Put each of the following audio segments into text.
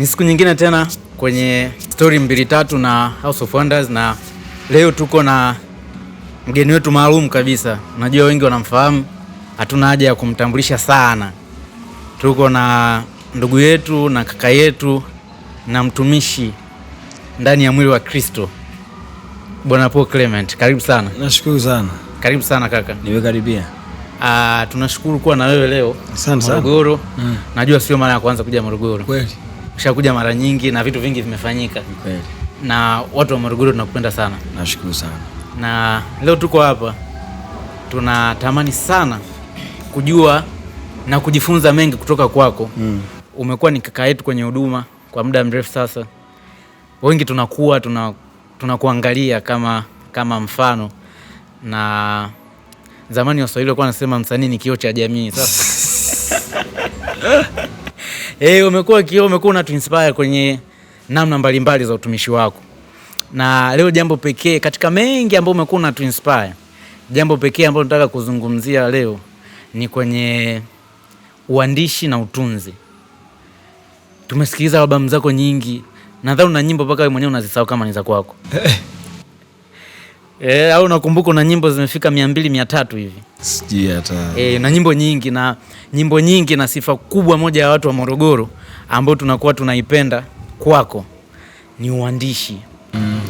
Ni siku nyingine tena kwenye Stori Mbili Tatu na House of Wonders, na leo tuko na mgeni wetu maalum kabisa. Najua wengi wanamfahamu, hatuna haja ya kumtambulisha sana. Tuko na ndugu yetu na kaka yetu na mtumishi ndani ya mwili wa Kristo, Bwana Paul Clement, karibu sana. Nashukuru sana. Karibu sana kaka. Nimekaribia. Ah, tunashukuru kuwa na wewe leo Morogoro. Mm. Najua sio mara ya kwanza kuja Morogoro. Kweli ushakuja mara nyingi na vitu vingi vimefanyika na watu wa Morogoro tunakupenda sana. Nashukuru sana, na leo tuko hapa tunatamani sana kujua na kujifunza mengi kutoka kwako mm. Umekuwa ni kaka yetu kwenye huduma kwa muda mrefu sasa, wengi tunakuwa tunakuangalia tuna kama, kama mfano na zamani Waswahili walikuwa wanasema msanii ni kioo cha jamii sasa eh, umekuwa kio, umekuwa una tuinspire kwenye namna mbalimbali za utumishi wako, na leo jambo pekee katika mengi ambayo umekuwa una tuinspire, jambo pekee ambalo nataka kuzungumzia leo ni kwenye uandishi na utunzi. Tumesikiliza albamu zako nyingi, nadhani una nyimbo mpaka wewe mwenyewe unazisahau kama ni za kwako. Eh, eh. E, au nakumbuka na nyimbo zimefika mia mbili mia tatu hivi sijui hata e, eh, na nyimbo nyingi na nyimbo nyingi na sifa kubwa moja ya watu wa Morogoro ambao tunakuwa tunaipenda kwako ni uandishi mm.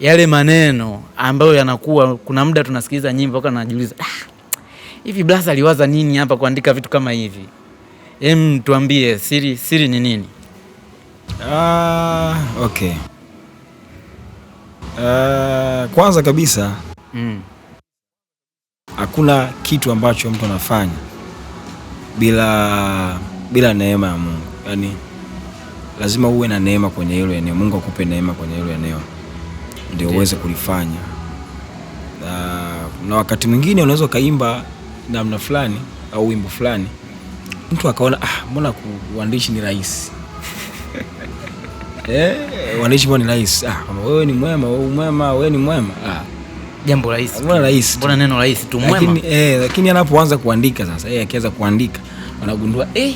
Yale maneno ambayo yanakuwa kuna muda tunasikiliza nyimbo mpaka najiuliza ah, hivi ah, aliwaza nini hapa kuandika vitu kama hivi? Em, tuambie siri, siri ni nini? Ah, okay. Uh, kwanza kabisa mm. hakuna mm, kitu ambacho mtu anafanya bila bila neema ya Mungu. Yaani lazima uwe na neema kwenye hilo eneo, Mungu akupe neema kwenye hilo eneo ndio uweze kulifanya. Na, na wakati mwingine unaweza ukaimba namna fulani au wimbo fulani mtu akaona ah, mbona kuandishi ni rahisi Eh, wanaishi kwa ni rahisi. Ah, kama wewe ni mwema, wewe mwema, wewe ni mwema. Ah, jambo rahisi. Mbona rahisi? Mbona neno rahisi tu mwema. Lakini eh, lakini anapoanza kuandika sasa, yeye eh, akianza kuandika anagundua eh,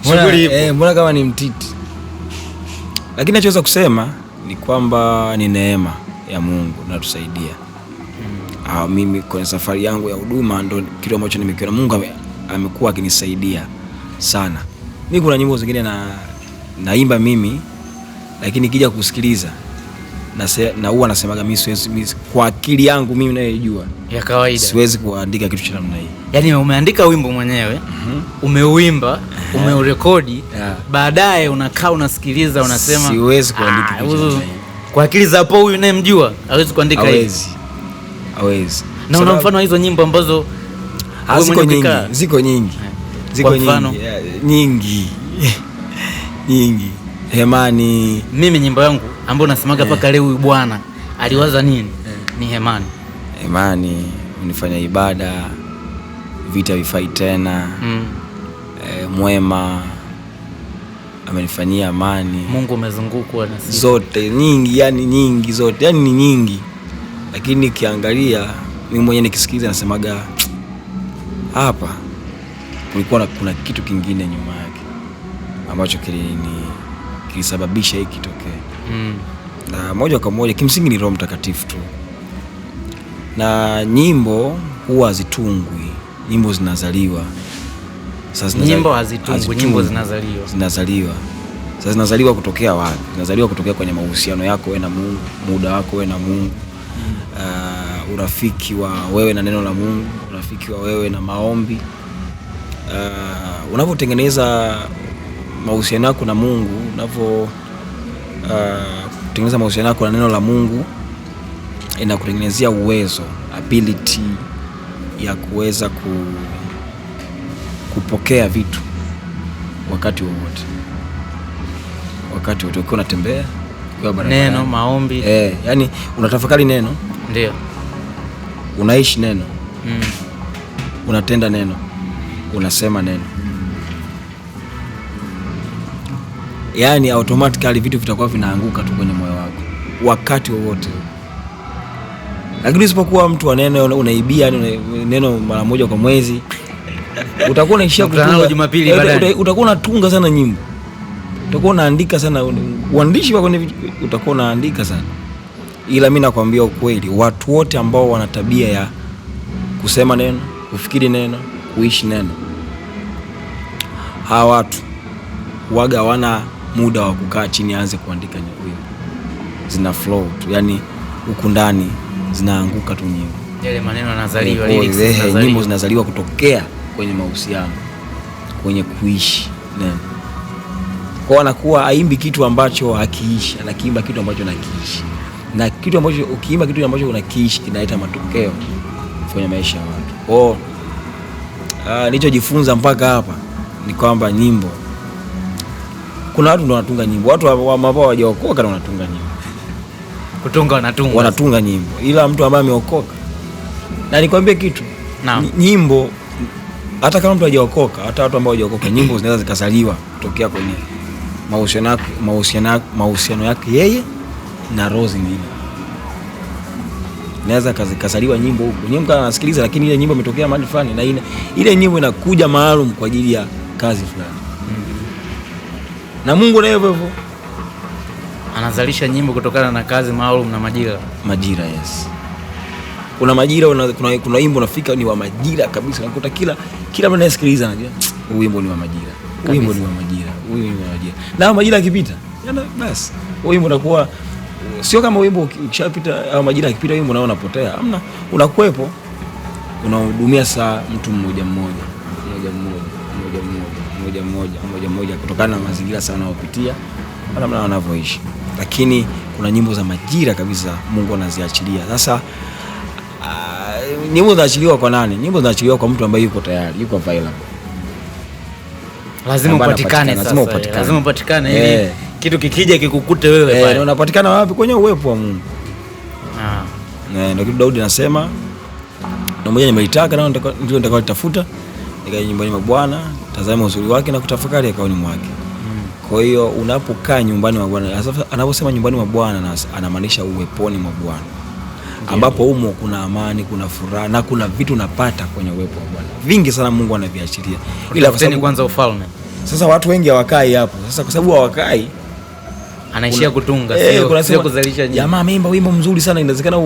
mbona eh, mbona kama ni mtiti. Lakini nachoweza kusema ni kwamba ni neema ya Mungu natusaidia. Hmm. Ah, mimi kwenye safari yangu ya huduma ndo kitu ambacho nimekiona Mungu amekuwa akinisaidia sana. Mimi kuna nyimbo zingine na naimba mimi, lakini kija kusikiliza na huwa nasemaga mimi siwezi, kwa akili yangu mimi nayejua ya kawaida siwezi kuandika kitu cha namna hii. Yani umeandika wimbo mwenyewe mm -hmm. umeuimba eh. umeurekodi yeah. Baadaye unakaa unasikiliza, unasema siwezi kuandika ah, kitu kwa akili za hapo, huyu naye mjua hawezi kuandika hivi, hawezi. Na una mfano hizo nyimbo ambazo ah, ziko nyingi, ziko nyingi, eh. ziko nyingi, nyingi nyingi hemani. Mimi nyimbo yangu ambayo nasemaga eh. mpaka leo, huyu bwana aliwaza eh. nini? Eh, ni hemani, hemani unifanya ibada, vita vifai tena mm. E, mwema amenifanyia amani, Mungu umezungukwa na sisi zote nyingi, yani nyingi zote, yani ni nyingi, lakini nikiangalia mimi mwenyewe nikisikiliza nasemaga hapa kulikuwa kuna kitu kingine nyuma ambacho kilisababisha hii kitokee mm. na moja kwa moja kimsingi ni Roho Mtakatifu tu, na nyimbo huwa hazitungwi, nyimbo zinazaliwa zinazaliwa sasa, zinazaliwa kutokea wapi? Zinazaliwa kutokea kwenye mahusiano yako wewe na Mungu, muda wako wewe na Mungu uh, urafiki wa wewe na neno la Mungu, urafiki wa wewe na maombi uh, unavyotengeneza mahusiano yako na Mungu, unavyo uh, kutengeneza uh, mahusiano yako na neno la Mungu inakutengenezea uwezo ability ya kuweza ku, kupokea vitu wakati wowote, wakati wote ukiwa unatembea neno, maombi eh, yani unatafakari neno, ndio unaishi neno mm. unatenda neno, unasema neno yani automatically vitu vitakuwa vinaanguka tu kwenye moyo wako wakati wowote. Lakini usipokuwa mtu wa neno, unaibia yaani neno mara moja kwa mwezi, utakuwa unaishia kutunga Jumapili baadaye, utakuwa unatunga sana nyimbo, utakuwa unaandika sana uandishi wako, utakuwa unaandika sana ila mi nakwambia ukweli, watu wote ambao wana tabia ya kusema neno, kufikiri neno, kuishi neno, hawa watu waga wana muda wa kukaa chini aanze kuandika nyimbo, zina flow tu, yani huku ndani zinaanguka tu nyimbo, yale maneno yanazaliwa, eh, nyimbo zinazaliwa kutokea kwenye mahusiano, kwenye kuishi kwa anakuwa aimbi kitu ambacho hakiishi, anakiimba kitu ambacho nakiishi, na kitu ambacho ukiimba kitu ambacho unakiishi kinaleta matokeo kwenye maisha ya watu. Kwa ah, nilichojifunza mpaka hapa ni kwamba nyimbo kuna watu ndo wanatunga nyimbo, watu ambao hawajaokoka ndo wanatunga nyimbo, kutunga wanatunga, wanatunga nyimbo, ila mtu ambaye ameokoka, na nikwambie kitu naam, nyimbo hata kama mtu hajaokoka, hata watu ambao hawajaokoka, nyimbo zinaweza zikasaliwa kutokea kwenye mahusiano yake yeye na roho zingine, naweza kasaliwa nyimbo huko, nyimbo anasikiliza, lakini ile nyimbo imetokea mahali fulani, na ile nyimbo inakuja maalum kwa ajili ya kazi fulani na Mungu naye hivyo hivyo anazalisha nyimbo kutokana na kazi maalum na majira. Majira, yes. Kuna majira una, kuna, kuna wimbo unafika ni wa majira kabisa, nakuta kila kila mtu anasikiliza anajua huu wimbo ni wa majira, huu wimbo ni wa majira, huu wimbo ni wa majira. Na majira yakipita yana basi huu wimbo unakuwa sio kama wimbo ukishapita au majira yakipita wimbo unaona unapotea, hamna, unakuwepo, unahudumia saa mtu mmoja mmoja mmoja mmoja moja moja moja moja moja kutokana na mazingira sana wanayopitia na namna wanavyoishi, lakini kuna nyimbo za majira kabisa Mungu anaziachilia sasa. Uh, nyimbo zinaachiliwa kwa nani? Nyimbo zinaachiliwa kwa mtu ambaye yuko tayari, yuko available. Lazima upatikane sasa, lazima upatikane ili yeah. Kitu kikija kikukute wewe eh, pale yeah. Unapatikana wapi? Kwenye uwepo wa Mungu ah. Yeah, ndio kitu Daudi anasema, na moja nimeitaka na ndio nitakao litafuta nikaja nyumbani mwa Bwana, tazama uzuri wake na kutafakari akaoni mwake. Hmm. Kwa hiyo unapokaa nyumbani mwa Bwana, anaposema nyumbani mwa Bwana anamaanisha uweponi mwa Bwana, ambapo humo kuna amani, kuna furaha na kuna vitu unapata kwenye uwepo wa Bwana. Vingi sana Mungu anaviachilia, ila kwa sababu kwanza ufalme. Sasa watu wengi hawakai hapo. Sasa kwa sababu hawakai anaishia kutunga eh, sio sio kuzalisha nyingi. Jamaa ameimba wimbo mzuri sana, inawezekana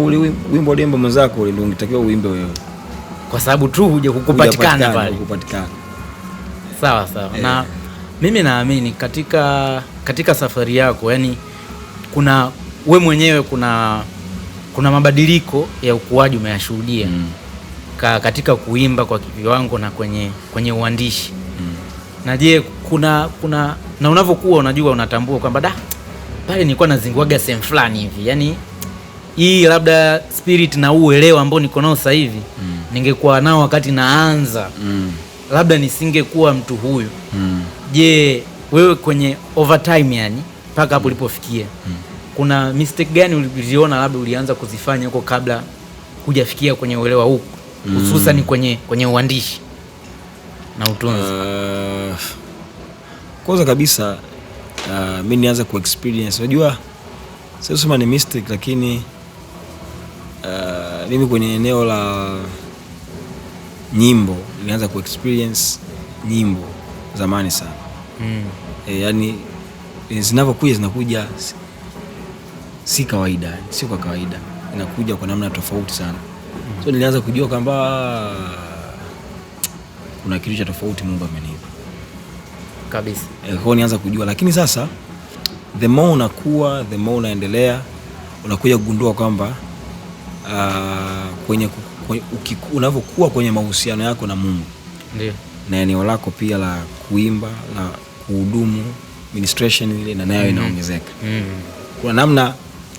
wimbo wa dembo mwenzako ule ndio ungetakiwa uimbe wewe kwa sababu tu huja kukupatikana pale. Sawa sawa eh. Na mimi naamini katika, katika safari yako yani kuna we mwenyewe kuna, kuna mabadiliko ya ukuaji umeyashuhudia mm. Ka, katika kuimba kwa viwango na kwenye, kwenye uandishi mm. Na je kuna, kuna na unavyokuwa unajua unatambua kwamba da pale nilikuwa nazinguaga sehemu fulani hivi yani hii labda spirit na uelewa ambao niko nao sasa hivi mm. ningekuwa nao wakati naanza mm. labda nisingekuwa mtu huyu mm. Je, wewe kwenye overtime yani mpaka hapo mm. ulipofikia mm. kuna mistake gani uliziona labda ulianza kuzifanya huko kabla hujafikia kwenye uelewa huku mm. hususan mm. kwenye kwenye uandishi na utunzi? Uh, kwanza kabisa uh, mi nianza ku experience unajua sio ni mistake lakini mimi kwenye eneo la nyimbo nilianza ku experience nyimbo zamani sana mm. E, yani zinavyokuja zinakuja si, si kawaida, si kwa kawaida, inakuja kwa namna tofauti sana mm. So nilianza kujua kwamba ah, kuna kitu cha tofauti Mungu amenipa kabisa. E, kwao nianza kujua, lakini sasa the more unakuwa the more unaendelea unakuja kugundua kwamba uh, kwenye, kwenye unavyokuwa kwenye mahusiano yako na Mungu Ndiyo. na eneo lako pia la kuimba la kuhudumu ministration ile na nayo mm-hmm. inaongezeka mm -hmm. kuna namna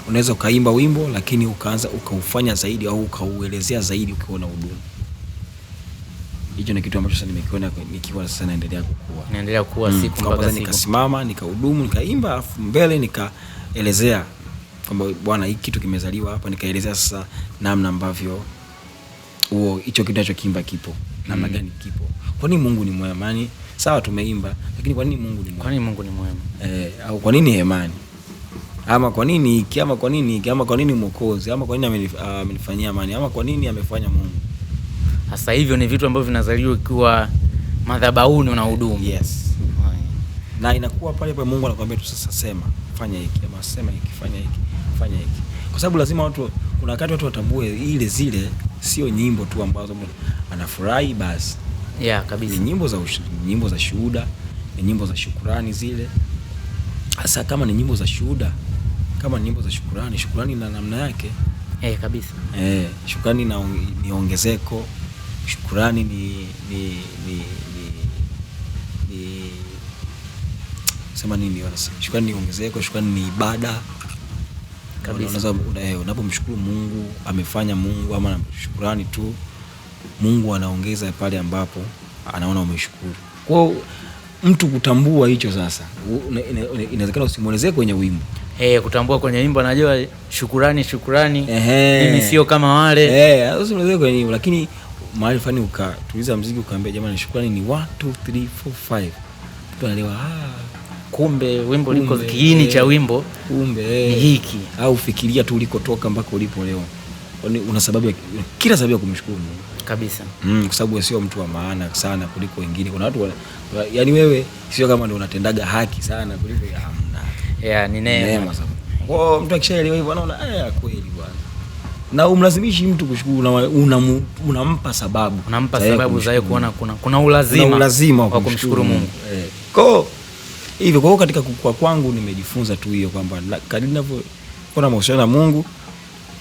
unaweza ukaimba wimbo lakini ukaanza ukaufanya zaidi au ukauelezea zaidi ukiwa na hudumu Hicho ni kitu ambacho sasa nimekiona nikiwa sasa naendelea kukua, naendelea kukua mm. siku mpaka siku, nikasimama nikahudumu nikaimba, alafu mbele nikaelezea kwamba bwana, hiki kitu kimezaliwa hapa, nikaelezea sasa namna ambavyo huo hicho kitu kimba kipo namna mm. gani kipo. Kwa nini Mungu ni mwema? Yani sawa tumeimba, lakini kwa nini Mungu ni mwema? Kwa nini Mungu ni mwema eh? Au kwa nini hemani ama kwa nini hiki ama kwa nini hiki ama kwa nini Mwokozi ama kwa nini ah, amenifanyia amani ama kwa nini amefanya Mungu? Sasa hivyo ni vitu ambavyo vinazaliwa ukiwa madhabahuni na hudumu. Yes na inakuwa pale pale Mungu anakuambia tu sasa, sema fanya hiki ama sema hiki fanya hiki fanya hiki, kwa sababu lazima watu, kuna wakati watu watambue ile zile sio nyimbo tu ambazo anafurahi basi, yeah, kabisa. Ni nyimbo za ush, nyimbo za shuhuda, ni nyimbo za shukurani zile, hasa kama ni nyimbo za shuhuda, kama ni nyimbo za shukurani, shukurani na namna yake eh, hey, kabisa eh, shukrani na, ni ongezeko, shukurani ni, ni, ni sema nini, shukrani ni ongezeko, shukrani ni ibada kabisa. Eh, unapomshukuru Mungu amefanya Mungu ama shukrani tu, Mungu anaongeza pale ambapo anaona umeshukuru. Kwa mtu kutambua hicho sasa, inawezekana usimwelezee kwenye wimbo Hey, eh, kutambua kwenye wimbo anajua shukurani shukurani, mimi sio kama wale hey, eh, usimwelezee kwenye wimbo, lakini mahali fulani ukatuliza mziki ukaambia, jamani, shukurani ni 1 2 3 4 5, mtu anaelewa ah kumbe wimbo liko kiini cha wimbo kumbe ni eh, hiki, au fikiria tu ulikotoka mpaka ulipo leo. Una sababu ya kila sababu ya kumshukuru Mungu kabisa, mm, kwa sababu sio mtu wa maana sana kuliko wengine. Kuna watu yani, wewe sio kama ndio unatendaga haki sana kuliko hamna, yeah, ni neema. Kwa oh, mtu akishaelewa hivyo, anaona eh, kweli bwana, na umlazimishi mtu kushukuru, unampa una sababu, unampa sababu za kuona kuna kuna ulazima wa kumshukuru Mungu, Mungu. Eh. Kwa hivyo. Kwa hiyo katika kukua kwangu nimejifunza tu hiyo kwamba kadiri na mahusiano na Mungu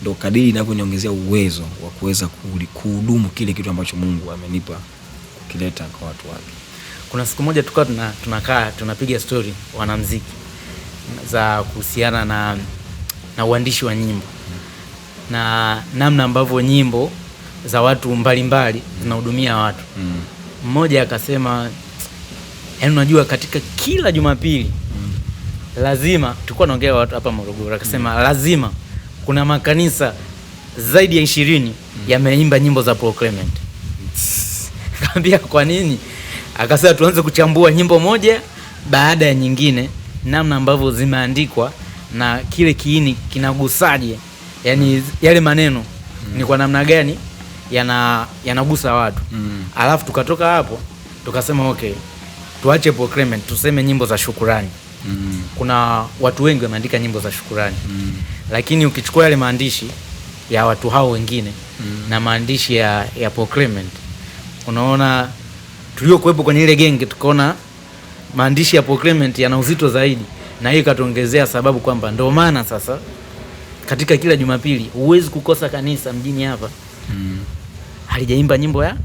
ndo kadiri inavyoniongezea uwezo wa kuweza kuhudumu kile kitu ambacho Mungu amenipa kukileta kwa watu wake. Kuna siku moja tukawa tuna, tunakaa tunapiga stori wanamziki za kuhusiana na, na uandishi wa nyimbo na namna ambavyo nyimbo za watu mbalimbali zinahudumia mbali, watu mm. Mmoja akasema yani unajua katika kila Jumapili lazima, tukuwa naongea watu hapa Morogoro akasema mm. lazima kuna makanisa zaidi ya ishirini mm. yameimba nyimbo za proclement Kaambia kwa nini? Akasema tuanze kuchambua nyimbo moja baada ya nyingine, namna ambavyo zimeandikwa na kile kiini kinagusaje, yani mm. yale maneno ni kwa namna gani yanagusa yana watu. Alafu tukatoka hapo tukasema okay tuache procurement, tuseme nyimbo za shukurani. Mm. Kuna watu wengi wameandika nyimbo za shukurani. Mm. Lakini ukichukua yale maandishi ya watu hao wengine mm. na maandishi ya, ya procurement, unaona tuliokuwepo kwenye ile genge tukaona maandishi ya procurement yana uzito zaidi, na hiyo ikatuongezea sababu kwamba ndio maana sasa katika kila Jumapili huwezi kukosa kanisa mjini hapa mm. halijaimba nyimbo ya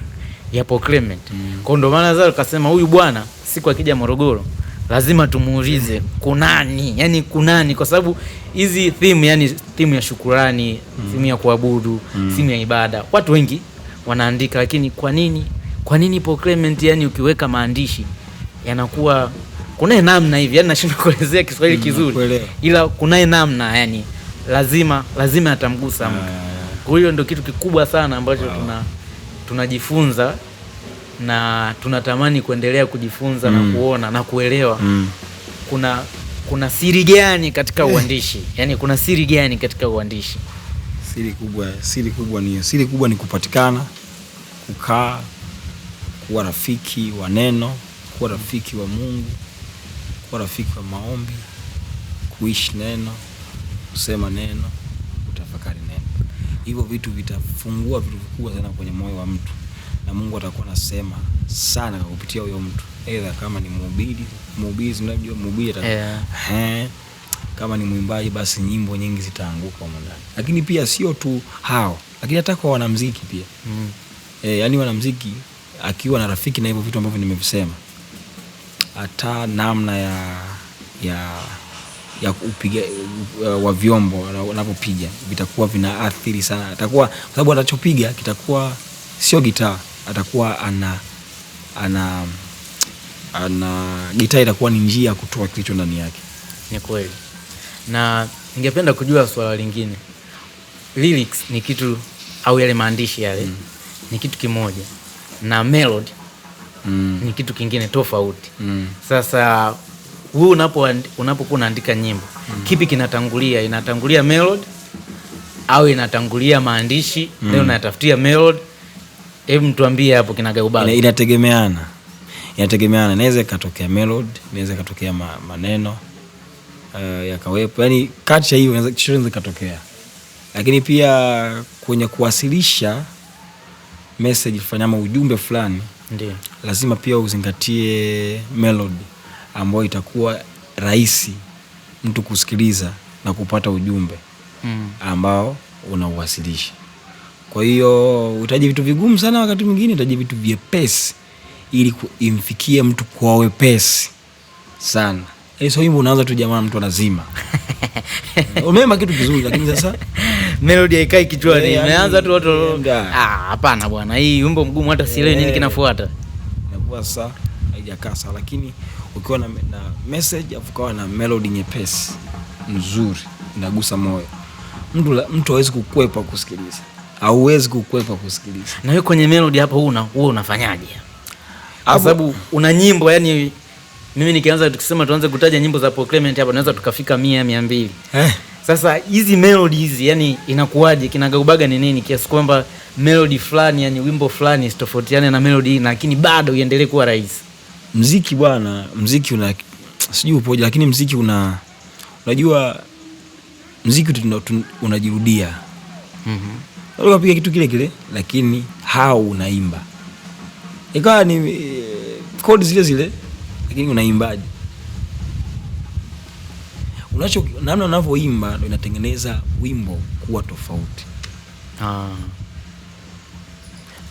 ya Paul Clement. Mm. Kwa ndo maana sasa akasema huyu bwana siku akija Morogoro lazima tumuulize kunani, yani kunani, kwa sababu hizi theme, yani theme ya shukurani mm. theme ya kuabudu mm. theme ya ibada, watu wengi wanaandika, lakini kwa nini, kwa nini Paul Clement? Yani ukiweka maandishi yanakuwa kunaye namna hivi, yani nashindwa kuelezea Kiswahili mm, kizuri, ila kunaye namna, yani lazima lazima atamgusa ah. mtu. Kwa hiyo ndio kitu kikubwa sana ambacho wow. tuna tunajifunza na tunatamani kuendelea kujifunza mm. na kuona na kuelewa mm. kuna kuna siri gani katika uandishi yani, kuna siri gani katika uandishi? Siri kubwa, siri kubwa ni siri kubwa ni kupatikana, kukaa, kuwa rafiki wa neno, kuwa rafiki wa Mungu, kuwa rafiki wa maombi, kuishi neno, kusema neno hivyo vitu vitafungua vitu vikubwa sana kwenye moyo wa mtu, na Mungu atakuwa anasema sana kwa kupitia huyo mtu, aidha kama ni mhubiri, mhubiri unajua mhubiri yeah. Kama ni mwimbaji, basi nyimbo nyingi zitaanguka huko ndani. Lakini pia sio tu hao, lakini hata kwa wanamuziki pia mm. Eh, yani wanamuziki akiwa na rafiki na hivyo vitu ambavyo nimevisema, hata namna ya ya ya upiga, uh, eh, wa vyombo wanavyopiga vitakuwa vina athiri sana, atakuwa kwa sababu atachopiga kitakuwa sio gitaa, atakuwa ana ana ana gitaa itakuwa ni njia ya kutoa kilicho ndani yake. Ni kweli, na ningependa kujua swala lingine, lyrics ni kitu au yale maandishi yale mm. ni kitu kimoja na melody mm. ni kitu kingine tofauti mm. Sasa wewe unapo unapokuwa unaandika nyimbo mm. kipi kinatangulia? Inatangulia melody au inatangulia maandishi mm. Leo natafutia melody. Hebu mtuambie hapo kinagaubaga. Ina, inategemeana inategemeana, inaweza ikatokea melody, inaweza ikatokea ma, maneno uh, yakawepo, yani kati ya hiyo inaweza ikatokea, lakini pia kwenye kuwasilisha message fulani ujumbe fulani, ndio lazima pia uzingatie melody ambayo itakuwa rahisi mtu kusikiliza na kupata ujumbe mm. ambao unauwasilisha. Kwa hiyo utaji vitu vigumu sana, wakati mwingine utaji vitu vyepesi ili imfikie mtu kwa wepesi sana. Eh, so wimbo unaanza tu, jamaa, mtu anazima umeimba kitu kizuri, lakini sasa melodi haikai kichwani, eh, imeanza tu watu. Ah, hapana bwana, hii wimbo mgumu, hata sielewi nini eh, kinafuata, inakuwa saa haijakaa saa, lakini ukiwa na, na message afu ukawa na melody nyepesi nzuri inagusa moyo mtu, mtu hawezi kukwepa kusikiliza, hauwezi kukwepa kusikiliza. Na wewe kwenye melody hapo huna wewe unafanyaje? Kwa sababu una nyimbo yani, mimi nikianza tukisema tuanze kutaja nyimbo za Paul Clement hapa tunaweza tukafika mia mia mbili eh. Sasa hizi melody hizi yani inakuwaje, kinagaubaga ni nini kiasi kwamba melody fulani yani wimbo fulani isitofautiane na melody, lakini bado iendelee kuwa rahisi mziki bwana, mziki una sijui upoje, lakini mziki una unajua mziki unajirudia. mm -hmm. Unapiga kitu kile kile, lakini hao unaimba ikawa ni kodi eh, zile zile, lakini unaimbaje? Unacho namna unavyoimba ndo inatengeneza wimbo kuwa tofauti. ah.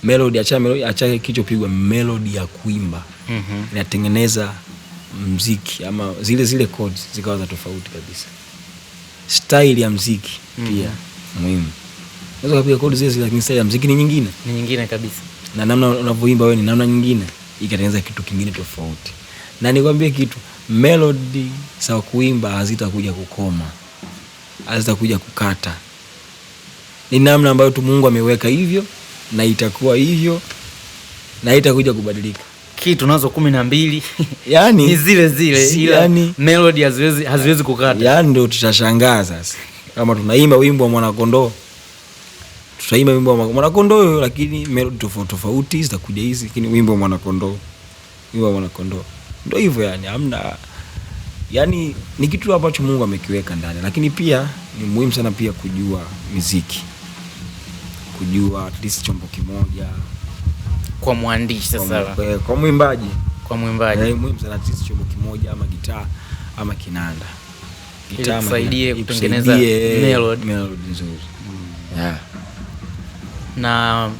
Melody acha melody acha kichopigwa melody ya kuimba mm -hmm. inatengeneza mziki ama zile zile codes zikawa za tofauti kabisa. Style ya mziki mm -hmm. pia muhimu, unaweza kupiga kodi zile zile, lakini style ya mziki ni nyingine, ni nyingine kabisa, na namna unavyoimba wewe ni namna nyingine, ikatengeneza kitu kingine tofauti. Na nikwambie kitu, melody za kuimba hazitakuja kukoma, hazitakuja kukata. Ni namna ambayo tu Mungu ameweka hivyo, na itakuwa hivyo, na itakuja kubadilika kitu nazo kumi na mbili yani, ni zile zile ila yani, melody haziwezi haziwezi kukata yani, ndio tutashangaa sasa kama tunaimba wimbo wa mwanakondoo tutaimba wimbo wa mwanakondoo lakini melody tofauti tofauti zitakuja hizi, lakini wimbo wa mwanakondoo wimbo wa mwanakondoo ndio hivyo yani, hamna yani, ni kitu ambacho Mungu amekiweka ndani, lakini pia ni muhimu sana pia kujua muziki, kujua at least chombo kimoja kwa mwandishi sasa, kwa eh, kwa mwimbaji, kwa mwimbaji yeah, muhimu sana artist chombo kimoja ama gitaa ama kinanda, gitaa isaidie kutengeneza eh, melody melody nzuri mm. yeah. Na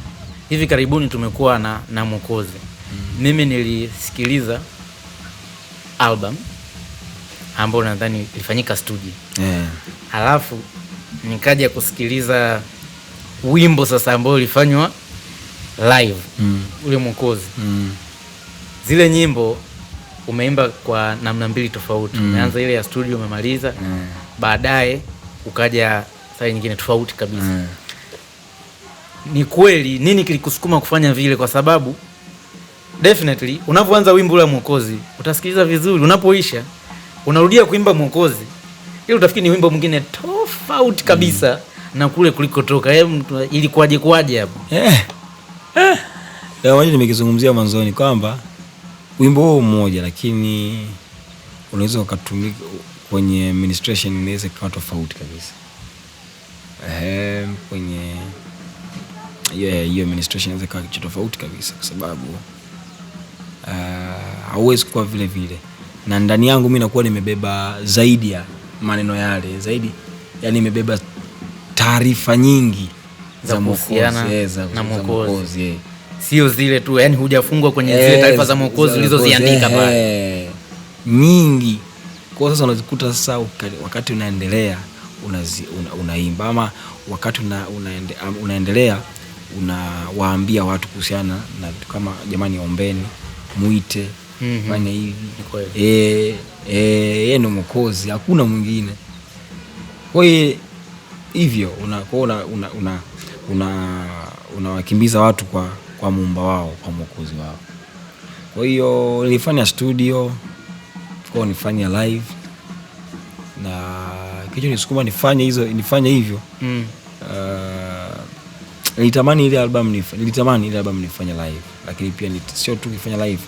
hivi karibuni tumekuwa na na Mwokozi mm. Mimi nilisikiliza album ambayo nadhani ilifanyika studio yeah. alafu nikaja kusikiliza wimbo sasa ambao ulifanywa live mm. ule mwokozi mm. zile nyimbo umeimba kwa namna mbili tofauti mm. umeanza ile ya studio umemaliza mm. baadaye ukaja saa nyingine tofauti kabisa mm. Ni kweli nini kilikusukuma kufanya vile? Kwa sababu definitely unapoanza wimbo ule mwokozi utasikiliza vizuri, unapoisha unarudia kuimba mwokozi, ili utafikiri ni wimbo mwingine tofauti kabisa mm. na kule kulikotoka toka. Hebu ilikuwaje kwaje hapo? yeah moja nimekizungumzia mwanzoni kwamba wimbo huo mmoja, lakini unaweza ukatumika kwenye administration, inaweza ikawa tofauti kabisa. Ehe, kwenye hiyo yeah, hiyo administration inaweza ikawa kitu tofauti kabisa, kwa sababu eh, hauwezi kuwa vile vile, na ndani yangu mi nakuwa nimebeba zaidi ya maneno yale zaidi, yani nimebeba taarifa nyingi za Mwokozi, eh, na Mwokozi eh sio zile tu, yani hujafungwa kwenye zile eh, taarifa za mwokozi ulizoziandika eh. pale nyingi. Kwa sasa unazikuta sasa wakati unaendelea una, unaimba ama wakati una, unaende, unaendelea unawaambia watu kuhusiana na kama jamani, ombeni, muite mm -hmm. fanya hivi eh, eh, mwokozi, hakuna mwingine. Kwa hiyo hivyo una, una, una, una, unawakimbiza watu kwa kwa muumba wao, kwa mwokozi wao. Kwa hiyo nilifanya studio, kwa nifanya live na kicho nisukuma nifanye hizo nifanye hivyo mm. Uh, nilitamani ile album nif, nilitamani ile album nifanye live, lakini pia sio tu kufanya live,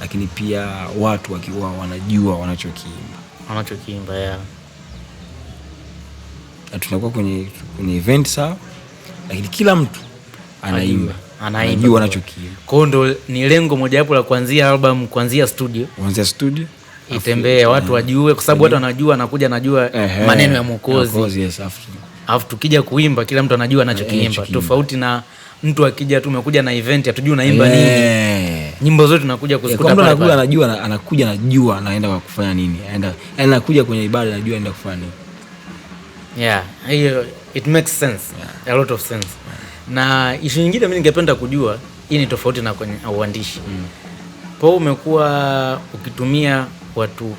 lakini pia watu wakiwa wanajua wanachokiimba wanachokiimba yeah. Tunakuwa kwenye kwenye event sawa, lakini kila mtu anaimba anaijua anachokia. kwao, ndo ni lengo mojawapo la kuanzia album, kuanzia studio, kuanzia studio itembee, watu wajue, kwa sababu watu wanajua, anakuja anajua maneno ya Mwokozi, yes, alafu tukija kuimba kila mtu anajua anachokiimba, tofauti na mtu akija tu umekuja na event hatujui unaimba nini. Nyimbo zote tunakuja eh, kuzikuta pale pale, anajua anakuja, anajua anaenda kwa kufanya nini, anaenda yaani anakuja kwenye ibada, anajua anaenda kufanya nini. Yeah, hiyo it makes sense, a lot of sense. Na ishu nyingine mimi ningependa kujua, hii ni tofauti na kwenye uandishi mm. Kwa umekuwa ukitumia watu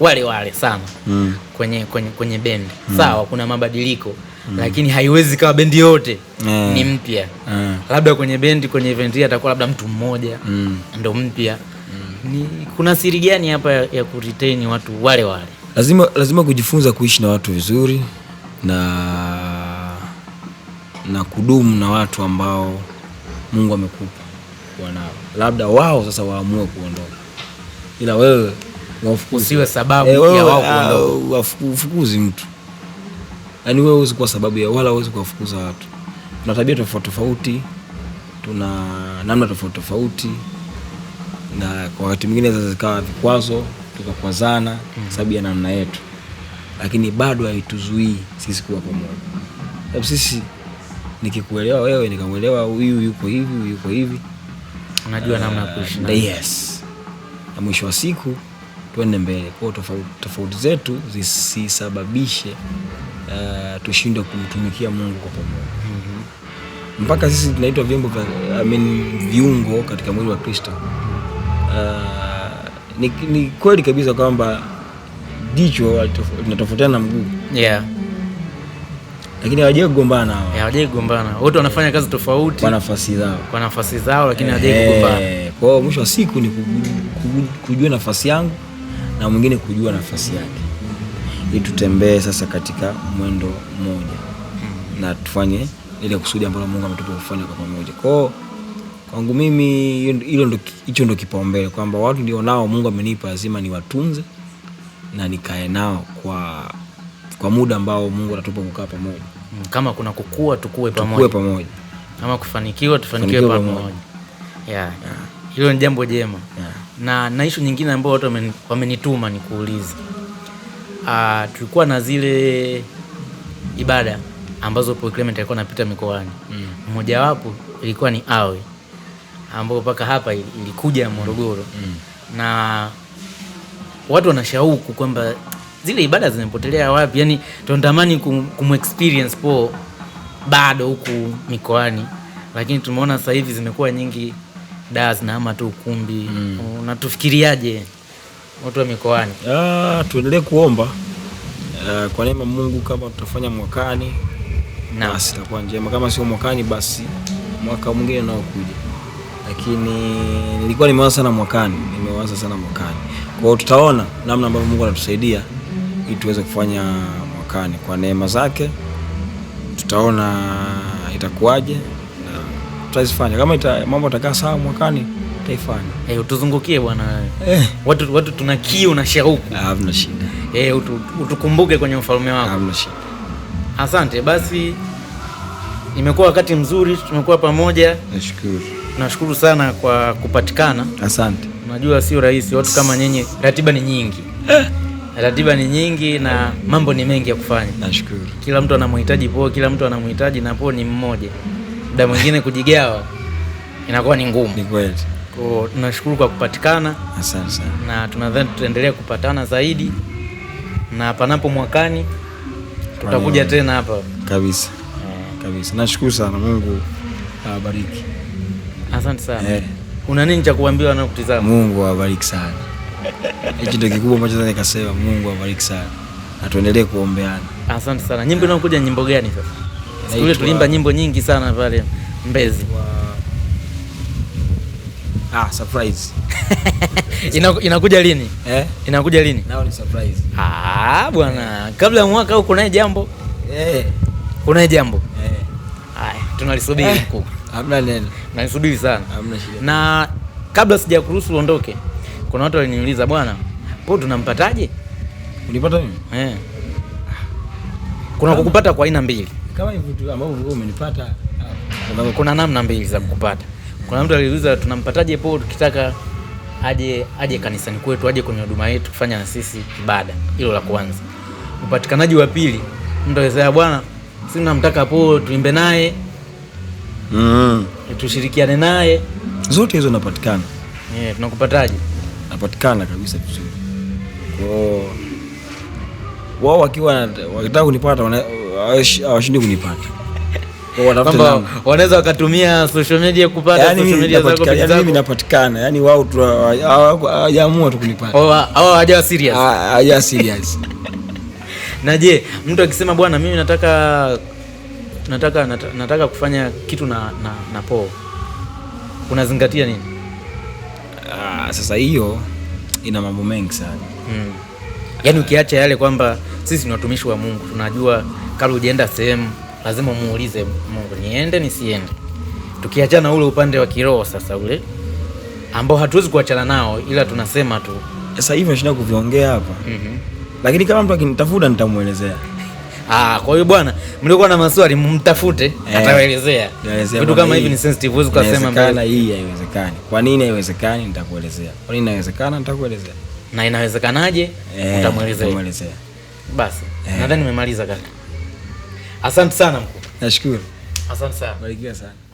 wale wale sana mm. kwenye, kwenye, kwenye bendi mm. Sawa, kuna mabadiliko mm. lakini haiwezi kawa bendi yote mm. ni mpya mm. labda kwenye bendi kwenye event hii atakuwa labda mtu mmoja mm. ndo mpya mm. kuna siri gani hapa ya, ya kuriteni watu wale wale? Lazima, lazima kujifunza kuishi na watu vizuri na na kudumu na watu ambao Mungu amekupa wanao, labda wao sasa waamue kuondoka, ila wewe wafukuziwe sababu e, ya wao kuondoka. Ah, Wafukuzi mtu yani, wewe huwezi kuwa sababu ya wala huwezi kuwafukuza watu. Tuna tabia tofauti tofauti, tuna namna tofauti tofauti, na kwa wakati mwingine sasa zikawa vikwazo tukakwazana mm -hmm. sababu ya namna yetu, lakini bado haituzuii sisi kuwa pamoja, sababu sisi nikikuelewa wewe nikamwelewa huyu yuko hivi yuko hivi, unajua namna ah, kuishi na yes, na mwisho wa siku tuende mbele. Kwa tofauti tofauti zetu zisisababishe uh, ah, tushinde kumtumikia Mungu kwa pamoja mm -hmm. mpaka sisi tunaitwa vyombo vya I mean, viungo katika mwili wa Kristo. Uh, ni, ni kweli kabisa kwamba jicho linatofautiana na mguu yeah lakini hawajai kugombana hao. Eh, kugombana. Wote wanafanya kazi tofauti kwa nafasi zao. Kwa nafasi zao lakini eh, hawajawahi kugombana. Kwa hiyo mwisho wa siku ni kujua nafasi yangu na mwingine kujua nafasi yake. Ili tutembee sasa katika mwendo mmoja hmm. na tufanye ile kusudi ambalo Mungu ametupa kufanya kwa pamoja. Kwa hiyo kwangu mimi hilo ndo hicho ndo kipaumbele kwamba watu ndio nao Mungu amenipa lazima niwatunze na nikae nao kwa kwa muda ambao Mungu anatupa kukaa pamoja. Mm, kama kuna kukua, tukue pamoja, tukue pamoja. Kama kufanikiwa, tufanikiwe pamoja. Yeah. Hilo ni jambo jema. Yeah. Na na issue nyingine ambayo watu wamenituma nikuulize, uh, ah, tulikuwa na zile ibada ambazo Paul Clement alikuwa anapita mikoani mmojawapo mm. ilikuwa ni awe ambapo mpaka hapa ilikuja Morogoro mm. na watu wanashauku kwamba zile ibada zimepotelea wapi? Yani tunatamani kum, kum experience Paul bado huku mikoani, lakini tumeona sasa hivi zimekuwa nyingi daa zinahama tu ukumbi mm. Unatufikiriaje watu wa mikoani? Ah, tuendelee kuomba uh, kwa neema Mungu, kama tutafanya mwakani basi itakuwa njema, kama sio mwakani basi mwaka mwingine nao kuja, lakini nilikuwa nimewaza sana mwakani, nimewaza sana mwakani. Kwa hiyo tutaona namna ambavyo Mungu anatusaidia ili tuweze kufanya mwakani. Kwa neema zake tutaona itakuwaje na tutazifanya kama ita, mambo atakaa sawa mwakani taifanya. Hey, eh, utuzungukie bwana eh. Watu, watu tuna kiu na shauku. Ah, hamna shida eh, utu, utukumbuke kwenye ufalme wako. Ah, hamna shida. Asante basi, imekuwa wakati mzuri, tumekuwa pamoja. Nashukuru, nashukuru sana kwa kupatikana. Asante. Unajua sio rahisi, watu kama nyinyi, ratiba ni nyingi eh ratiba ni nyingi na mambo ni mengi ya kufanya. Nashukuru. Kila mtu anamhitaji Po, kila mtu anamhitaji na Po ni mmoja. Muda mwingine kujigawa inakuwa ni ngumu. Ni kweli. Kwa tunashukuru kwa kupatikana. Asante sana. Na tunadhani tutaendelea kupatana zaidi na panapo mwakani tutakuja tena hapa. Kabisa. Yeah. Kabisa. Nashukuru sana Mungu awabariki. Asante sana. Yeah. Una nini cha kuambia wanaokutizama? Mungu awabariki sana. Hichi ndio kikubwa ambacho naweza nikasema. Mungu awabariki sana na tuendelee kuombeana. Asante sana. Nyimbo inayokuja ni nyimbo gani sasa? Siku ile tulimba nyimbo nyingi sana pale Mbezi. Ah, surprise. Inakuja lini? Eh? Inakuja lini? Nao ni surprise. Ah, bwana, kabla ya mwaka huko naye jambo. Eh. Kunaye jambo. Eh. Haya, tunalisubiri huko. Eh. Hamna neno. Nalisubiri sana. Hamna shida. Na kabla sijakuruhusu uondoke, kuna watu waliniuliza bwana, po tunampataje? Ulipata nini? Eh, kuna kukupata kwa aina mbili kama hivyo tu ambavyo wewe umenipata. Kuna namna mbili za kukupata. Kuna mtu aliuliza tunampataje po tukitaka aje aje kanisani kwetu, aje kwenye huduma yetu kufanya na sisi ibada. Hilo la kwanza. Upatikanaji wa pili, mtu alisema bwana, si tunamtaka po tuimbe naye mm, tushirikiane naye. Zote hizo zinapatikana. yeah, tunakupataje? inapatikana kabisa vizuri. Kwao wao wakiwa wakitaka kunipata hawashindi kunipata, wanaweza wakatumia social media kupata yani, social media zako yaani Mimi napatikana yani, wao tu hawajaamua tu kunipata, hawaja serious, hawaja serious. Na je, mtu akisema bwana, mimi nataka nataka nataka kufanya kitu na na, na Paul unazingatia nini? Ah, sasa hiyo ina mambo mengi sana mm. Yaani ukiacha yale kwamba sisi ni watumishi wa Mungu, tunajua kabla ujaenda sehemu lazima muulize Mungu, niende nisiende. Tukiachana ule upande wa kiroho sasa, ule ambao hatuwezi kuachana nao, ila tunasema tu sasa hivi nashinda kuviongea hapa mm -hmm. Lakini kama mtu akinitafuta nitamwelezea Ah, kwa hiyo bwana, mlikuwa na maswali mtafute, eh, atawaelezea vitu kama hivi. Ni sensitive, huwezi kusema mbele. Hii haiwezekani. Kwa nini haiwezekani? Nitakuelezea kwa nini inawezekana, nitakuelezea na inawezekanaje, eh, utamwelezea. Basi eh. nadhani nimemaliza kaka. Asante sana mkuu, nashukuru. Asante sana, barikiwa sana.